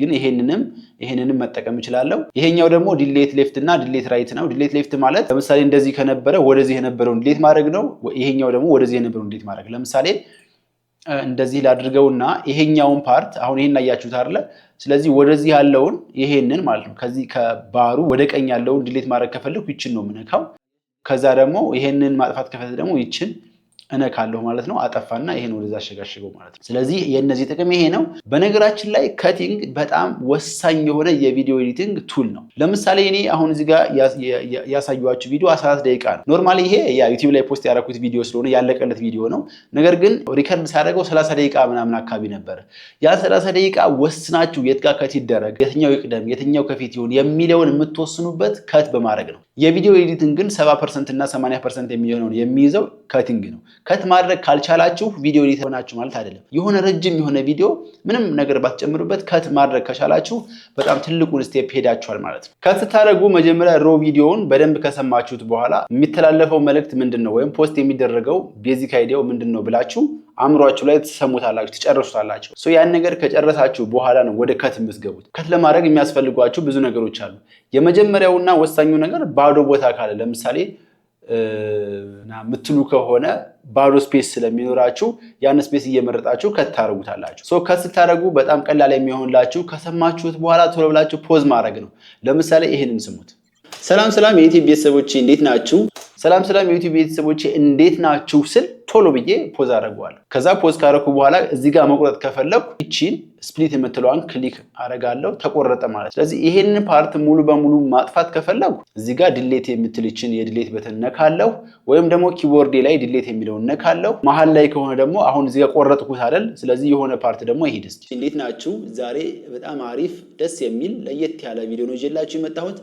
ግን ይሄንንም ይሄንንም መጠቀም እችላለሁ። ይሄኛው ደግሞ ዲሌት ሌፍት እና ዲሌት ራይት ነው። ዲሌት ሌፍት ማለት ለምሳሌ እንደዚህ ከነበረ ወደዚህ የነበረውን ዲሌት ማድረግ ነው። ይሄኛው ደግሞ ወደዚህ የነበረውን ዲሌት ማድረግ ለምሳሌ እንደዚህ ላድርገውና ይሄኛውን ፓርት አሁን ይሄን አያችሁት አለ። ስለዚህ ወደዚህ ያለውን ይሄንን ማለት ነው ከዚህ ከባሩ ወደ ቀኝ ያለውን ድሌት ማድረግ ከፈለኩ ይችን ነው የምነካው። ከዛ ደግሞ ይሄንን ማጥፋት ከፈለኩ ደግሞ ይችን እነካለሁ ማለት ነው። አጠፋና ይሄን ወደዛ አሸጋሸገው ማለት ነው። ስለዚህ የእነዚህ ጥቅም ይሄ ነው። በነገራችን ላይ ከቲንግ በጣም ወሳኝ የሆነ የቪዲዮ ኤዲቲንግ ቱል ነው። ለምሳሌ እኔ አሁን እዚህ ጋር ያሳየኋችሁ ቪዲዮ 14 ደቂቃ ነው። ኖርማሊ ይሄ ዩቲዩብ ላይ ፖስት ያደረኩት ቪዲዮ ስለሆነ ያለቀለት ቪዲዮ ነው። ነገር ግን ሪከርድ ሳደረገው 30 ደቂቃ ምናምን አካባቢ ነበር። ያ 30 ደቂቃ ወስናችሁ የት ጋር ከት ይደረግ፣ የትኛው ይቅደም፣ የትኛው ከፊት ይሁን የሚለውን የምትወስኑበት ከት በማድረግ ነው። የቪዲዮ ኤዲቲንግ ግን 70 ፐርሰንት እና 80 ፐርሰንት የሚሆነውን የሚይዘው ከቲንግ ነው። ከት ማድረግ ካልቻላችሁ ቪዲዮ ኤዲተር ሆናችሁ ማለት አይደለም። የሆነ ረጅም የሆነ ቪዲዮ ምንም ነገር ባትጨምሩበት ከት ማድረግ ከቻላችሁ በጣም ትልቁን ስቴፕ ሄዳችኋል ማለት ነው። ከት ስታደርጉ መጀመሪያ ሮ ቪዲዮውን በደንብ ከሰማችሁት በኋላ የሚተላለፈው መልእክት ምንድን ነው ወይም ፖስት የሚደረገው ቤዚክ አይዲያው ምንድን ነው ብላችሁ አእምሯችሁ ላይ ትሰሙታላችሁ፣ ትጨርሱታላችሁ። ሶ ያን ነገር ከጨረሳችሁ በኋላ ነው ወደ ከት የምትገቡት። ከት ለማድረግ የሚያስፈልጓችሁ ብዙ ነገሮች አሉ። የመጀመሪያውና ወሳኙ ነገር ባዶ ቦታ ካለ ለምሳሌ የምትሉ ከሆነ ባዶ ስፔስ ስለሚኖራችሁ ያን ስፔስ እየመረጣችሁ ከት ታደርጉታላችሁ። ሶ ከት በጣም ቀላል የሚሆንላችሁ ከሰማችሁት በኋላ ቶሎ ብላችሁ ፖዝ ማድረግ ነው። ለምሳሌ ይህንን ስሙት። ሰላም ሰላም የዩቲዩብ ቤተሰቦች እንዴት ናችሁ? ሰላም ሰላም ዩቲዩብ ቤተሰቦቼ እንዴት ናችሁ ስል ቶሎ ብዬ ፖዝ አደርገዋለሁ። ከዛ ፖዝ ካረኩ በኋላ እዚህ ጋር መቁረጥ ከፈለኩ ይቺን ስፕሊት የምትለዋን ክሊክ አረጋለሁ። ተቆረጠ ማለት ስለዚህ ይሄንን ፓርት ሙሉ በሙሉ ማጥፋት ከፈለኩ እዚህ ጋር ድሌት የምትልችን የድሌት በተን ነካለሁ፣ ወይም ደግሞ ኪቦርዴ ላይ ድሌት የሚለውን ነካለሁ። መሀል ላይ ከሆነ ደግሞ አሁን እዚህ ጋር ቆረጥኩት አይደል? ስለዚህ የሆነ ፓርት ደግሞ ይሄድ እስኪ። እንዴት ናችሁ? ዛሬ በጣም አሪፍ ደስ የሚል ለየት ያለ ቪዲዮ ነው ይዤላችሁ የመጣሁት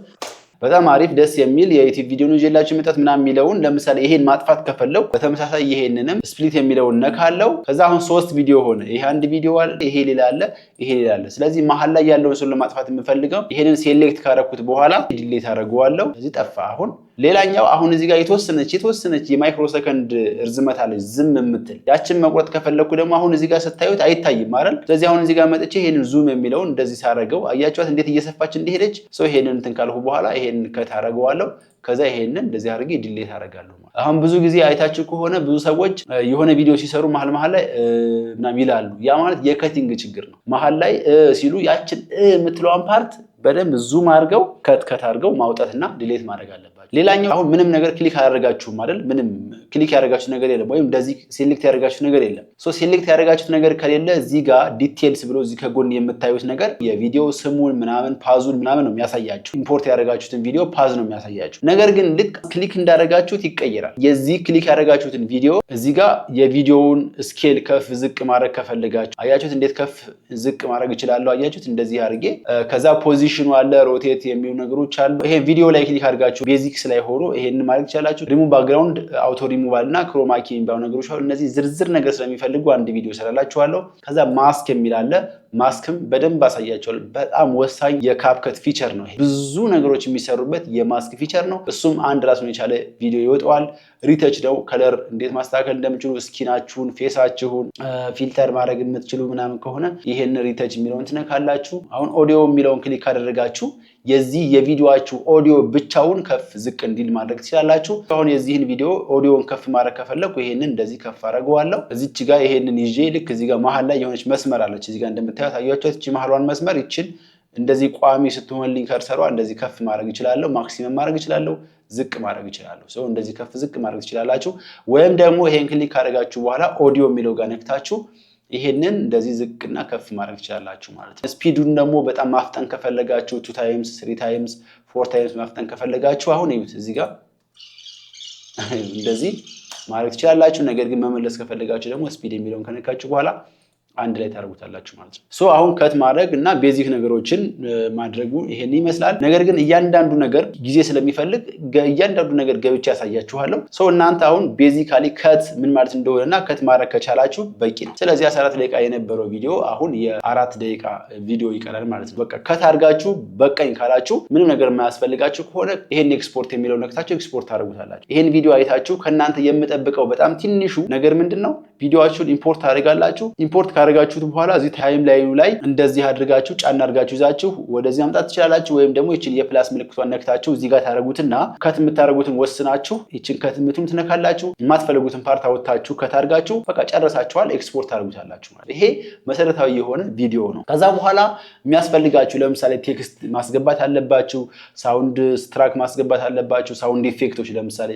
በጣም አሪፍ ደስ የሚል የዩቲብ ቪዲዮ ነው ይዤላችሁ የመጣሁት ምናምን የሚለውን ለምሳሌ ይሄን ማጥፋት ከፈለው በተመሳሳይ ይሄንንም ስፕሊት የሚለውን ነካለው። ከዛ አሁን ሶስት ቪዲዮ ሆነ። ይሄ አንድ ቪዲዮ አለ፣ ይሄ ሌላ አለ፣ ይሄ ሌላ አለ። ስለዚህ መሀል ላይ ያለውን ሰው ለማጥፋት የምፈልገው ይሄንን ሴሌክት ካረኩት በኋላ ዲሌት አደርገዋለሁ። እዚህ ጠፋ አሁን ሌላኛው አሁን እዚህ ጋር የተወሰነች የተወሰነች የማይክሮ ሰከንድ እርዝመት አለች ዝም የምትል ያችን መቁረጥ ከፈለግኩ ደግሞ አሁን እዚህ ጋር ስታዩት አይታይም አይደል? ስለዚህ አሁን እዚህ ጋር መጥቼ ይሄንን ዙም የሚለውን እንደዚህ ሳረገው አያቸዋት እንዴት እየሰፋች እንደሄደች። ሰው ይሄንን እንትን ካልኩ በኋላ ይሄን ከታረገዋለው ከዛ ይሄንን እንደዚህ አድርጌ ድሌት አደርጋለሁ። አሁን ብዙ ጊዜ አይታችሁ ከሆነ ብዙ ሰዎች የሆነ ቪዲዮ ሲሰሩ መሀል መሀል ላይ ምናምን ይላሉ። ያ ማለት የከቲንግ ችግር ነው። መሀል ላይ ሲሉ ያችን የምትለዋን ፓርት በደንብ ዙም አድርገው ከትከት አድርገው ማውጣትና ድሌት ማድረግ አለበት። ሌላኛው አሁን ምንም ነገር ክሊክ አያደርጋችሁም አይደል? ምንም ክሊክ ያደርጋችሁ ነገር የለም፣ ወይም እንደዚህ ሴሌክት ያደርጋችሁ ነገር የለም። ሶ ሴሌክት ያደረጋችሁት ነገር ከሌለ እዚህ ጋር ዲቴልስ ብሎ እዚህ ከጎን የምታዩት ነገር የቪዲዮ ስሙን ምናምን ፓዙን ምናምን ነው የሚያሳያችሁ። ኢምፖርት ያደረጋችሁትን ቪዲዮ ፓዝ ነው የሚያሳያችሁ። ነገር ግን ልክ ክሊክ እንዳደረጋችሁት ይቀየራል። የዚህ ክሊክ ያደረጋችሁትን ቪዲዮ እዚህ ጋር የቪዲዮውን ስኬል ከፍ ዝቅ ማድረግ ከፈልጋችሁ አያችሁት፣ እንዴት ከፍ ዝቅ ማድረግ ይችላለሁ? አያችሁት፣ እንደዚህ አድርጌ ከዛ ፖዚሽኑ አለ ሮቴት የሚሉ ነገሮች አሉ። ይሄ ቪዲዮ ላይ ክሊክ አድርጋችሁ ቤዚክ ፊዚክስ ላይ ሆኖ ይሄን ማድረግ ይቻላችሁ። ሪሙ ባክግራውንድ፣ አውቶ ሪሙቫል እና ክሮማኪ የሚባሉ ነገሮች አሉ። እነዚህ ዝርዝር ነገር ስለሚፈልጉ አንድ ቪዲዮ ሰራላችኋለሁ። ከዛ ማስክ የሚል አለ ማስክም በደንብ አሳያቸዋል። በጣም ወሳኝ የካፕከት ፊቸር ነው። ብዙ ነገሮች የሚሰሩበት የማስክ ፊቸር ነው። እሱም አንድ ራሱን የቻለ ቪዲዮ ይወጣዋል። ሪተች ነው፣ ከለር እንዴት ማስተካከል እንደምችሉ ስኪናችሁን፣ ፌሳችሁን ፊልተር ማድረግ የምትችሉ ምናምን ከሆነ ይሄን ሪተች የሚለውን ትነካላችሁ። አሁን ኦዲዮ የሚለውን ክሊክ ካደረጋችሁ የዚህ የቪዲዮችሁ ኦዲዮ ብቻውን ከፍ ዝቅ እንዲል ማድረግ ትችላላችሁ። አሁን የዚህን ቪዲዮ ኦዲዮን ከፍ ማድረግ ከፈለግኩ ይሄንን እንደዚህ ከፍ አደርገዋለሁ። እዚች ጋር ይሄንን ይዤ ልክ እዚህ ጋር መሀል ላይ የሆነች መስመር አለች እዚህ ጋር እንደምታ ያሳያቸው እቺ መሀሏን መስመር ይችን እንደዚህ ቋሚ ስትሆንልኝ ከርሰሯ እንደዚህ ከፍ ማድረግ ይችላለሁ፣ ማክሲመም ማድረግ ይችላለሁ፣ ዝቅ ማድረግ ይችላለሁ። ሰው እንደዚህ ከፍ ዝቅ ማድረግ ትችላላችሁ። ወይም ደግሞ ይሄን ክሊክ ካደረጋችሁ በኋላ ኦዲዮ የሚለው ጋር ነክታችሁ ይሄንን እንደዚህ ዝቅና ከፍ ማድረግ ትችላላችሁ ማለት ነው። ስፒዱን ደግሞ በጣም ማፍጠን ከፈለጋችሁ ቱ ታይምስ፣ ስሪ ታይምስ፣ ፎር ታይምስ ማፍጠን ከፈለጋችሁ አሁን ይዩት እዚህ ጋር እንደዚህ ማድረግ ትችላላችሁ። ነገር ግን መመለስ ከፈለጋችሁ ደግሞ ስፒድ የሚለውን ከነካችሁ በኋላ አንድ ላይ ታደርጉታላችሁ ማለት ነው። አሁን ከት ማድረግ እና ቤዚክ ነገሮችን ማድረጉ ይሄን ይመስላል። ነገር ግን እያንዳንዱ ነገር ጊዜ ስለሚፈልግ እያንዳንዱ ነገር ገብቼ ያሳያችኋለሁ። ሰው እናንተ አሁን ቤዚካሊ ከት ምን ማለት እንደሆነ እና ከት ማድረግ ከቻላችሁ በቂ ነው። ስለዚህ አስራ አራት ደቂቃ የነበረው ቪዲዮ አሁን የአራት ደቂቃ ቪዲዮ ይቀራል ማለት ነው። በቃ ከት አድርጋችሁ በቀኝ ካላችሁ ምንም ነገር የማያስፈልጋችሁ ከሆነ ይሄን ኤክስፖርት የሚለው ነክታችሁ ኤክስፖርት ታደርጉታላችሁ። ይሄን ቪዲዮ አይታችሁ ከእናንተ የምጠብቀው በጣም ትንሹ ነገር ምንድን ነው? ቪዲዮችሁን ኢምፖርት ታደርጋላችሁ ኢምፖርት ካደረጋችሁት በኋላ እዚህ ታይም ላይኑ ላይ እንደዚህ አድርጋችሁ ጫና አድርጋችሁ ይዛችሁ ወደዚህ ማምጣት ትችላላችሁ። ወይም ደግሞ ይችን የፕላስ ምልክቷን ነክታችሁ እዚህ ጋር ታደረጉትና ከት የምታደረጉትን ወስናችሁ ይችን ከት ምቱን ትነካላችሁ። የማትፈልጉትን ፓርት አወጥታችሁ ከታርጋችሁ በቃ ጨረሳችኋል። ኤክስፖርት ታደረጉታላችሁ ማለት ይሄ መሰረታዊ የሆነ ቪዲዮ ነው። ከዛ በኋላ የሚያስፈልጋችሁ ለምሳሌ ቴክስት ማስገባት አለባችሁ፣ ሳውንድ ስትራክ ማስገባት አለባችሁ፣ ሳውንድ ኢፌክቶች ለምሳሌ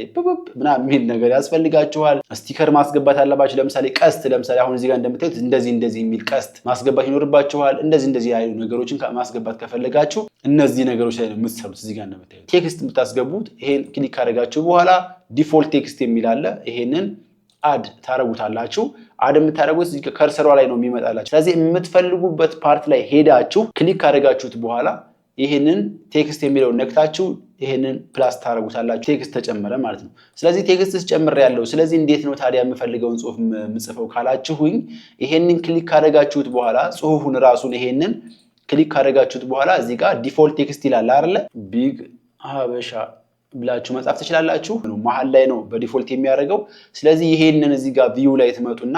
ምናምን የሚል ነገር ያስፈልጋችኋል። ስቲከር ማስገባት አለባችሁ፣ ለምሳሌ ቀስት። ለምሳሌ አሁን እዚህ ጋር እንደምታዩት እንደዚህ እንደዚህ የሚል ቀስት ማስገባት ይኖርባችኋል። እንደዚህ እንደዚህ ያሉ ነገሮችን ማስገባት ከፈለጋችሁ እነዚህ ነገሮች ላይ ነው የምትሰሩት። እዚህ ጋር እንደምታዩት ቴክስት የምታስገቡት ይሄን ክሊክ ካደረጋችሁ በኋላ ዲፎልት ቴክስት የሚል አለ። ይሄንን አድ ታደረጉታላችሁ። አድ የምታደረጉት ከርሰሯ ላይ ነው የሚመጣላችሁ። ስለዚህ የምትፈልጉበት ፓርት ላይ ሄዳችሁ ክሊክ ካደረጋችሁት በኋላ ይህንን ቴክስት የሚለውን ነክታችሁ ይሄንን ፕላስ ታደረጉታላችሁ ቴክስት ተጨመረ ማለት ነው። ስለዚህ ቴክስት ጨምር ያለው ስለዚህ እንዴት ነው ታዲያ የምፈልገውን ጽሁፍ የምጽፈው ካላችሁኝ ይሄንን ክሊክ ካደረጋችሁት በኋላ ጽሁፉን ራሱን ይሄንን ክሊክ ካደረጋችሁት በኋላ እዚህ ጋር ዲፎልት ቴክስት ይላል አይደለ? ቢግ ሀበሻ ብላችሁ መጻፍ ትችላላችሁ። መሀል ላይ ነው በዲፎልት የሚያደርገው። ስለዚህ ይሄንን እዚህ ጋር ላይ ትመጡና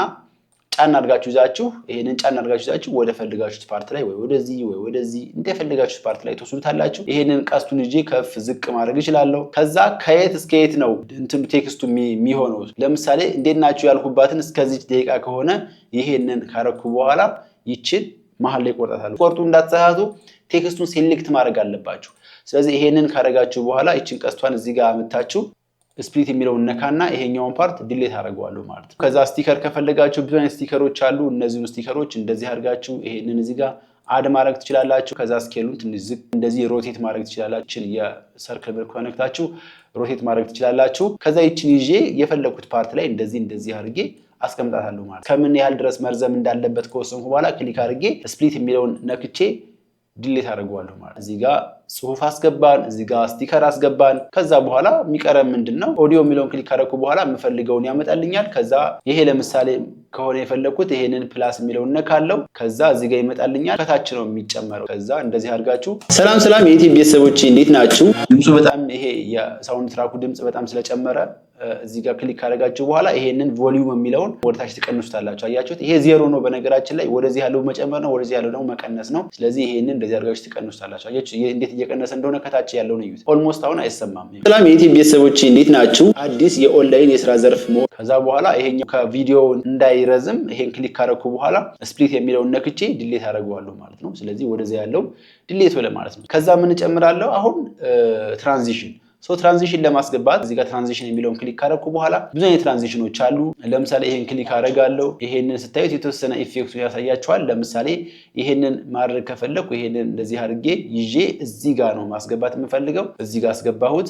ጫና አድርጋችሁ ይዛችሁ ይሄንን ጫና አድርጋችሁ ይዛችሁ ወደ ፈልጋችሁት ፓርት ላይ ወይ ወደዚህ ወይ ወደዚህ እንደፈለጋችሁት ፓርት ላይ ትወስዱታላችሁ። ይሄንን ቀስቱን ይዤ ከፍ ዝቅ ማድረግ እችላለሁ። ከዛ ከየት እስከ የት ነው እንትም ቴክስቱ የሚሆነው? ለምሳሌ እንዴት ናችሁ ያልኩባትን እስከዚህ ደቂቃ ከሆነ ይሄንን ካረኩ በኋላ ይችን መሀል ላይ ቆርጣታለሁ። ቆርጡ እንዳትሳሳቱ ቴክስቱን ሴሌክት ማድረግ አለባችሁ። ስለዚህ ይሄንን ካረጋችሁ በኋላ ይችን ቀስቷን እዚህ ጋር አምታችሁ ስፕሊት የሚለውን ነካና ይሄኛውን ፓርት ድሌት አደርገዋለሁ ማለት ነው። ከዛ ስቲከር ከፈለጋችሁ ብዙ አይነት ስቲከሮች አሉ። እነዚህን ስቲከሮች እንደዚህ አድርጋችሁ ይሄንን እዚህ ጋር አድ ማድረግ ትችላላችሁ። ከዛ ስኬሉን ትንሽ ዝቅ እንደዚህ ሮቴት ማድረግ ትችላላችን የሰርክል ብር ኮኔክታችሁ ሮቴት ማድረግ ትችላላችሁ። ከዛ ይችን ይዤ የፈለኩት ፓርት ላይ እንደዚህ እንደዚህ አድርጌ አስቀምጣታለሁ ማለት ከምን ያህል ድረስ መርዘም እንዳለበት ከወሰንኩ በኋላ ክሊክ አድርጌ ስፕሊት የሚለውን ነክቼ ድሌት አድርገዋለሁ ማለት እዚህ ጋር ጽሁፍ አስገባን፣ እዚህ ጋር ስቲከር አስገባን ከዛ በኋላ የሚቀረ ምንድን ነው ኦዲዮ የሚለውን ክሊክ ካደረኩ በኋላ የምፈልገውን ያመጣልኛል። ከዛ ይሄ ለምሳሌ ከሆነ የፈለግኩት ይሄንን ፕላስ የሚለውን ነካለው። ከዛ እዚህ ጋር ይመጣልኛል። ከታች ነው የሚጨመረው። ከዛ እንደዚህ አድርጋችሁ ሰላም ሰላም፣ የዩቲዩብ ቤተሰቦች እንዴት ናችሁ? ድምፁ በጣም ይሄ የሳውንድ ትራኩ ድምፅ በጣም ስለጨመረ እዚህ ጋር ክሊክ ካደረጋችሁ በኋላ ይሄንን ቮሊዩም የሚለውን ወደታች ትቀንሱታላችሁ። አያችሁት? ይሄ ዜሮ ነው በነገራችን ላይ ወደዚህ ያለው መጨመር ነው፣ ወደዚህ ያለው ደግሞ መቀነስ ነው። ስለዚህ ይሄንን እንደዚህ አድርጋችሁ ትቀንሱታላችሁ። አያችሁ እንዴት እየቀነሰ እንደሆነ ከታች ያለውን እዩት። ኦልሞስት አሁን አይሰማም። ሰላም የዩቲዩብ ቤተሰቦች እንዴት ናችሁ? አዲስ የኦንላይን የስራ ዘርፍ መሆን ከዛ በኋላ ይሄኛው ከቪዲዮ እንዳይረዝም ይሄን ክሊክ ካረኩ በኋላ ስፕሊት የሚለውን ነክቼ ድሌት አደርገዋለሁ ማለት ነው። ስለዚህ ወደዚያ ያለው ድሌት ወለ ማለት ነው። ከዛ ምን ጨምራለሁ አሁን ትራንዚሽን ሰው ትራንዚሽን ለማስገባት እዚህ ጋር ትራንዚሽን የሚለውን ክሊክ ካረኩ በኋላ ብዙ አይነት ትራንዚሽኖች አሉ። ለምሳሌ ይሄን ክሊክ አረጋለሁ። ይሄንን ስታዩት የተወሰነ ኢፌክቱ ያሳያቸዋል። ለምሳሌ ይሄንን ማድረግ ከፈለኩ ይሄንን እንደዚህ አድርጌ ይዤ እዚህ ጋር ነው ማስገባት የምፈልገው። እዚህ ጋር አስገባሁት።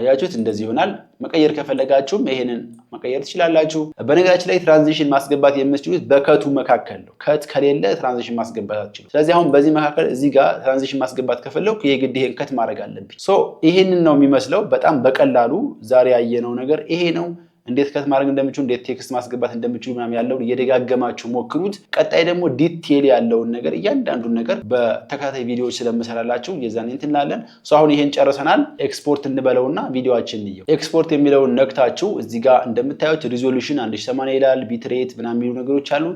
አያችሁት? እንደዚህ ይሆናል። መቀየር ከፈለጋችሁም ይሄንን መቀየር ትችላላችሁ። በነገራችን ላይ ትራንዚሽን ማስገባት የምትችሉት በከቱ መካከል ነው። ከት ከሌለ ትራንዚሽን ማስገባት አትችሉ። ስለዚህ አሁን በዚህ መካከል እዚህ ጋር ትራንዚሽን ማስገባት ከፈለኩ የግድ ይሄን ከት ማድረግ አለብኝ። ሶ ይሄንን ነው የሚመስለው። በጣም በቀላሉ ዛሬ ያየነው ነገር ይሄ ነው። እንዴት ከት ማድረግ እንደምችሉ እንዴት ቴክስት ማስገባት እንደምችሉ ምናምን ያለውን እየደጋገማችሁ ሞክሩት። ቀጣይ ደግሞ ዲቴል ያለውን ነገር እያንዳንዱን ነገር በተከታታይ ቪዲዮዎች ስለምሰራላችሁ የዛን እንትን እንላለን። አሁን ይሄን ጨርሰናል። ኤክስፖርት እንበለውና ቪዲዮችን እንየው። ኤክስፖርት የሚለውን ነክታችሁ እዚህ ጋር እንደምታዩት ሪዞሉሽን 1080 ይላል፣ ቢትሬት ምናምን የሚሉ ነገሮች አሉ።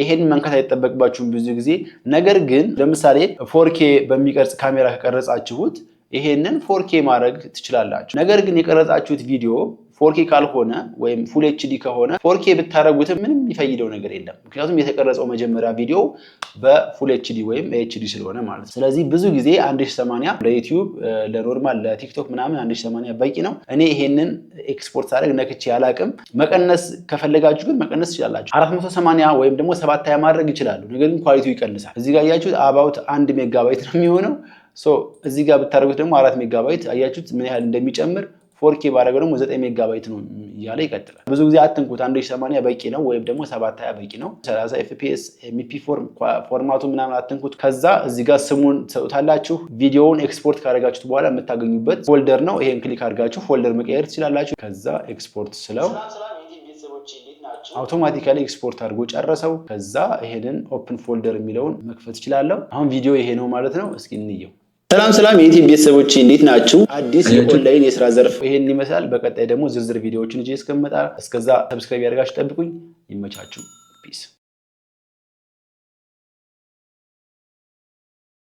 ይሄን መንካት አይጠበቅባችሁም ብዙ ጊዜ። ነገር ግን ለምሳሌ ፎርኬ በሚቀርጽ ካሜራ ከቀረጻችሁት ይሄንን ፎርኬ ማድረግ ትችላላችሁ። ነገር ግን የቀረጻችሁት ቪዲዮ ፎርኬ ካልሆነ ወይም ፉል ኤችዲ ከሆነ ፎርኬ ብታደረጉትም ምንም የሚፈይደው ነገር የለም። ምክንያቱም የተቀረጸው መጀመሪያ ቪዲዮ በፉል ኤችዲ ወይም ኤችዲ ስለሆነ ማለት ነው። ስለዚህ ብዙ ጊዜ 1080 ለዩቲዩብ፣ ለኖርማል፣ ለቲክቶክ ምናምን 1080 በቂ ነው። እኔ ይሄንን ኤክስፖርት ሳደርግ ነክቼ አላቅም። መቀነስ ከፈለጋችሁ ግን መቀነስ ትችላላችሁ። 480 ወይም ደግሞ 720 ማድረግ ይችላሉ። ነገር ግን ኳሊቲው ይቀንሳል። እዚህ ጋር እያችሁት አባውት አንድ ሜጋባይት ነው የሚሆነው። እዚህ ጋር ብታደርጉት ደግሞ አራት ሜጋባይት አያችሁት ምን ያህል እንደሚጨምር ፎርኬ ባረገ ደግሞ ዘጠኝ ሜጋባይት ነው እያለ ይቀጥላል። ብዙ ጊዜ አትንኩት፣ አንድ ሺህ ሰማንያ በቂ ነው ወይም ደግሞ ሰባት ሀያ በቂ ነው፣ ሰላሳ ኤፍፒኤስ ኤምፒ ፎርማቱ ምናምን አትንኩት። ከዛ እዚህ ጋር ስሙን ትሰጡታላችሁ። ቪዲዮውን ኤክስፖርት ካደረጋችሁት በኋላ የምታገኙበት ፎልደር ነው። ይሄን ክሊክ አድርጋችሁ ፎልደር መቀየር ትችላላችሁ። ከዛ ኤክስፖርት ስለው አውቶማቲካሊ ኤክስፖርት አድርጎ ጨረሰው። ከዛ ይሄንን ኦፕን ፎልደር የሚለውን መክፈት ይችላለሁ። አሁን ቪዲዮ ይሄ ነው ማለት ነው። እስኪ እንየው። ሰላም ሰላም የዩቲዩብ ቤተሰቦች እንዴት ናችሁ? አዲስ የኦንላይን የስራ ዘርፍ ይሄን ይመስላል። በቀጣይ ደግሞ ዝርዝር ቪዲዮዎችን እጅ እስከምመጣ እስከዛ ሰብስክራይብ ያደርጋችሁ ጠብቁኝ። ይመቻችሁ። ፒስ